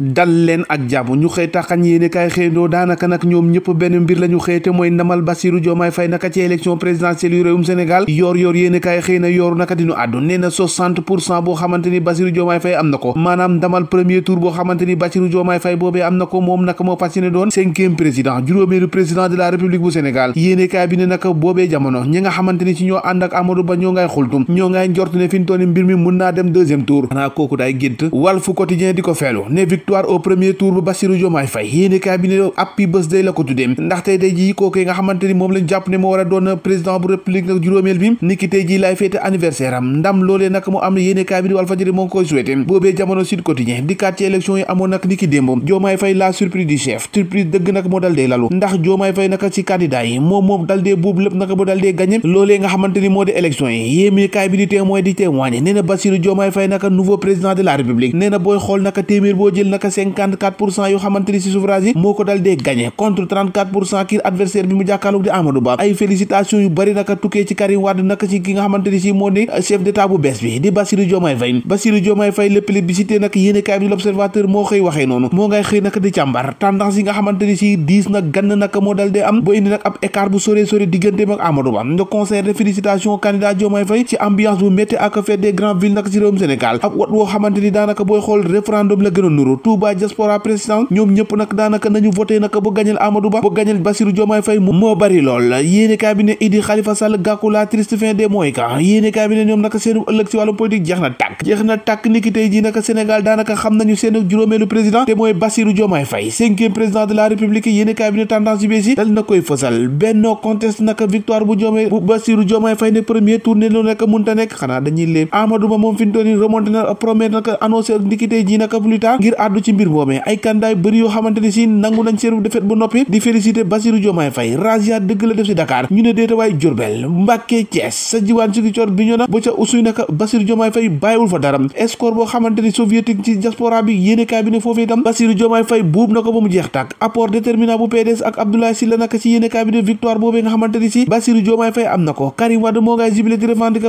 dal leen ak jàmm ñu xëy taxañ yéene kaay xëyndoo daanaka nag ñoom ñëpp benn mbir la ñu xëyte mooy ndamal Bassirou Diomaye Faye naka ci élection présidentielle yu réewum Sénégal yoor yoor yéene kaay xëy na yooru naka dinu àddu nee pour cent boo xamante ni Bassirou am na ko maanaam ndamal premier tour boo xamante ni Bassirou Diomaye Faye boobee am moo fas yéene doon cinquième président juróomeelu président de la République bu Sénégal yéene kaay bi ne naka boobee jamono ñi nga xamante ni ci ñoo ànd ak Amadou Ba ñoo ngay xultum ñoo ngay njort ne fi ñu mbir mi mun naa dem deuxième tour xanaa kooku day gént Walf Quotidien di ko feelu victoire au premier tour yi amoon nag niki démb Diomaye Faye la surprise du chef surprise dëgg nag moo dal lalu ndax Diomaye Faye nag ci candidat yi moom moom dal dee buubu nag moo dal dee loolee nga xamante moo di élection yi yéenekaay bi di témoin di témoigné nee na Bassirou Diomaye Faye nag nouveau président de la république nee booy xool nag téeméer boo jël daanaka 54 pour cent yoo xamante ni si suffrage yi moo ko dal dee gagné contre 34 pour cent kii adversaire bi mu jàkkaarloog di Amadou Ba ay félicitations yu bëri naka tukkee ci Karim Wade naka ci ki nga xamante ni si moo di chef d'état bu bees bi di Bassirou Diomaye Faye Bassirou Diomaye Faye le plébiscité nag yéene bi l'observateur moo xëy waxee noonu moo ngay xëy naka di càmbar tendance yi nga xamante ni si diis Touba diaspora présidence ñoom ñëpp nag daanaka nañu voté naka bu gañal Amadou Ba bu gañal Bassirou Diomaye Faye moo bari lool yéene kaa bi ne Idi Khalifa Sall gàkku la triste fin des mois ka yéene kaa bi ne ñoom naka seenu ëllëg si wàllum politique jeex na tàkk jeex na tàkk ni ki tey ji naka Sénégal daanaka xam nañu seen juróomeelu président te mooy Bassirou Diomaye Faye cinquième président de la République yéene kaa bi ne tendance yu bees yi dal na koy fësal benno conteste naka victoire bu Diomaye bu Bassirou Diomaye Faye ne premier tour ne lu nekk munta nekk xanaa dañuy léeb Amadou Ba moom fi mu toll nii remonté na promet naka annoncé ak ni ki tey ji naka plus tard ngir àddu addu ci mbir moomee ay kandaay bëri yoo si nangu nañ seenu defet bu noppi di félicité Bassirou Diomaye Faye razzia dëgg la def si Dakar ñu ne déetawaay Diourbel Mbàkke Thiès sa jiwaan si coor bi ñoo na ba ca usuy naka Bassirou Diomaye Faye buub na ko ba mu jeex tàkk apport déterminant bu PDS ak Abdoulaye Sylla naka si yéene kaay bi ne victoire boobee nga xamante ni si Bassirou Diomaye am na ko Karim Wade moo ngay jibile di revendiquer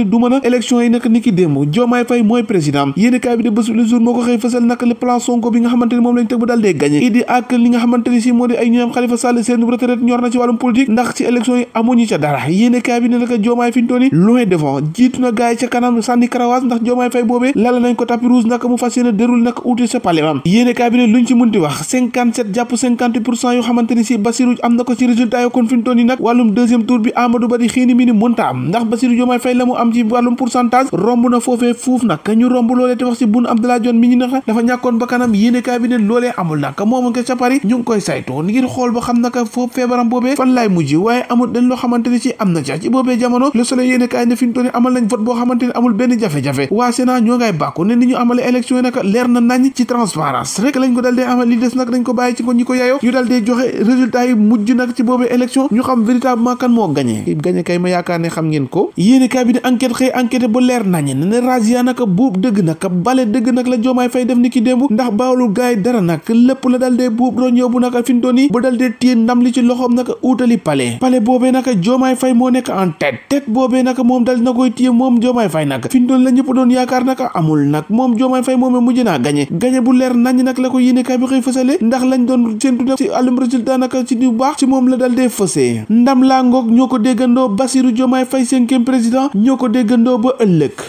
ni du mën a élection yi nag ni ki démb Diomaye Faye mooy président yéenekaay bi de bés jour moo ko xëy fësal nag le plan Sonko bi nga xamante moom lañ teg bu daal dee gagné idi ak li nga xamante si moo di ay ñoom Khalifa Sall seen retraite ñor na ci wàllum politique ndax ci élection yi amuñu ca dara yéenekaay bi ne nag Diomaye loin devant jiitu na gaay ca kanam sànni karawaas ndax Diomaye Faye boobee lala nañ ko tapis rouge nag am ci boobee jamono le soleil yéene kaay ne fi amal nañ vote boo leer na nañ ci transparence rek lañ ko dal dee amal li des nag dañ ko bàyyi ci ko ñi ko yaayoo ñu dal dee joxe résultat yi mujj nag ci boobee élection ñu xam véritablement kan moo gagné gagné kay ma yaakaar ne xam ngeen ko yéene kaay bi ne enquête xëy bu leer na razzia naka buub dëgg naka bale nag la joomaay fay def ni ki démb ndax baalul gaay dara nag lépp la dal dee buub doon yóbbu naka fi mu doon yi ba dal dee li ci loxoom naka uutali pale pale boobee naka moo nekk en tête tête boobee naka moom dal na koy téye moom joomaay fay nag fi mu doon la ñëpp doon yaakaar naka amul nag moom joomaay fay moomee naa gañe bu leer nañ nag la ko yéene kaay bi xëy fësale ndax lañ doon séntu nag ci àllum résultat naka ci baax ci moom la dal dee fësee ndam laa ngoog ñoo ko déggandoo Bassirou Diomaye Faye cinquième président ñoo ko déggandoo ba ëllëg